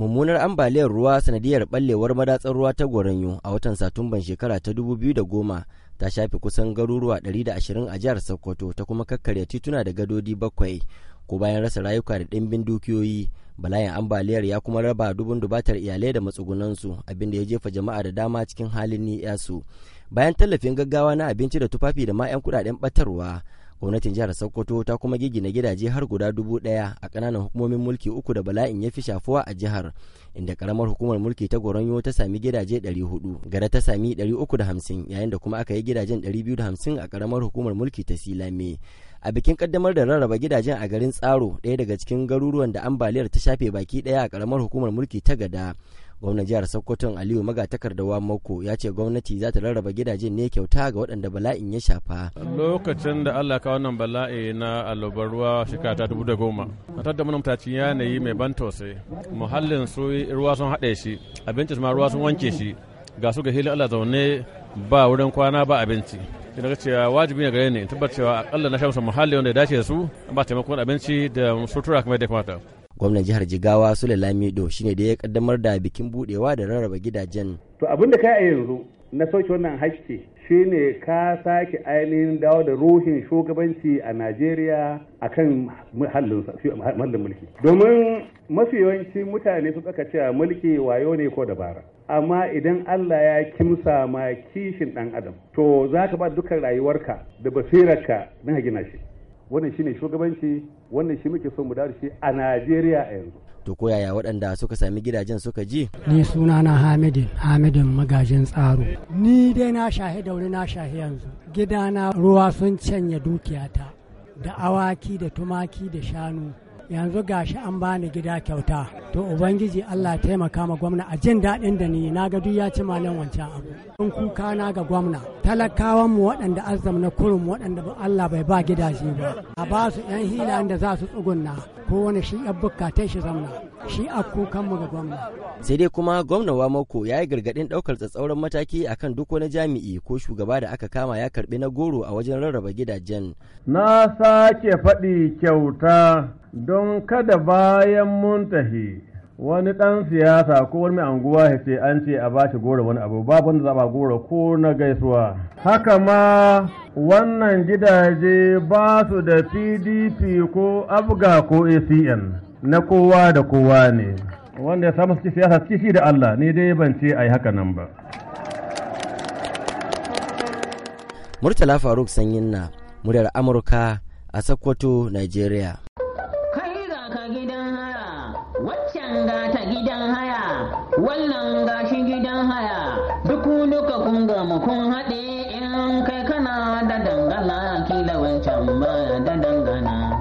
mummunar ambaliyar ruwa sanadiyar ɓallewar madatsar ruwa ta goranyo a watan satumban shekara ta 2010 ta shafi kusan garuruwa 120 a jihar sokoto ta kuma kakkarya tituna da gadodi bakwai ko bayan rasa rayuka da ɗimbin dukiyoyi bala'in ambaliyar ya kuma raba dubun dubatar iyalai da matsugunansu abinda ya jefa jama'a da dama cikin halin ni'yasu bayan tallafin gaggawa na abinci da tufafi da ma 'yan kudaden batarwa gwamnatin jihar sokoto ta kuma gigina gidaje har guda dubu ɗaya a ƙananan hukumomin mulki uku da bala'in ya fi shafuwa a jihar inda karamar hukumar mulki ta goronyo ta sami gidaje 400 gada ta sami 350 yayin da kuma aka yi gidajen 250 a karamar hukumar mulki ta silame a bikin kaddamar da rarraba gidajen a garin tsaro daya daga cikin garuruwan da ambaliyar ta shafe baki daya a karamar hukumar mulki ta gada gwamnan jihar sokoton aliyu magatakardawa mako ya ce gwamnati za ta rarraba gidajen ne kyauta ga waɗanda bala'in ya shafa lokacin da allah ka wannan bala'i na allobar ruwa shekara ta dubu da goma a tattar mana mutacin yanayi mai ban tausayi muhallin su ruwa sun haɗe shi abincin ma ruwa sun wanke shi ga su ga hilin allah zaune ba wurin kwana ba abinci ina ga cewa wajibi ne gare ni tabbacewa cewa akalla na shamsa muhalli wanda ya dace da su ba taimakon abinci da sutura kamar da ya kamata gwamnan jihar jigawa sule lamido shine da ya kaddamar da bikin budewa da rarraba gidajen to abin da ka a yanzu na sauke wannan haske shine ka sake ainihin dawo da ruhin shugabanci a najeriya kan muhallin mulki domin mafi yawancin mutane su tsaka cewa mulki wayo ne ko dabara amma idan allah ya kimsa ma kishin dan adam to za ka ba dukkan rayuwarka da basirarka na gina shi wannan shine shugabanci wannan shi muke son mu da shi a Najeriya a yanzu to ko yaya waɗanda suka sami gidajen suka ji ni suna na Hamidin Hamidin magajin tsaro ni dai na shahi da wuri na shahi yanzu gidana ruwa sun canya dukiyata da awaki da tumaki da shanu yanzu gashi an bani gida kyauta to ubangiji Allah taimaka ma gwamna a jin daɗin da ni na ga duk ya ci malan wancan abu in kuka na ga gwamna talakawan mu waɗanda azam na kurum waɗanda Allah bai ba gidaje ba a ba su yan hila da za su tsugunna ko wani shi ya bukatai shi zamna shi a kukan mu ga gwamna sai dai kuma gwamna Wamako ya yi gargaɗin ɗaukar tsatsauran mataki akan duk wani jami'i ko shugaba da aka kama ya karɓi na goro a wajen rarraba gidajen na sake faɗi kyauta don kada bayan mun wani ɗan siyasa ko wani mai anguwa ya ce an ce a ba shi goro wani abu babu wanda zaba goro ko na gaisuwa haka ma wannan gidaje ba su da pdp ko abga ko acn na kowa da kowa ne wanda ya samu suke siyasa suke shi da allah ne dai ban ce a yi haka nan ba murtala faruk sanyin na muryar amurka a sokoto nigeria ka gidan haya waccan ga ta gidan haya wannan ga shi gidan haya duk duka kun gama kun haɗe in kai kana da dangana kila wancan ba da dangana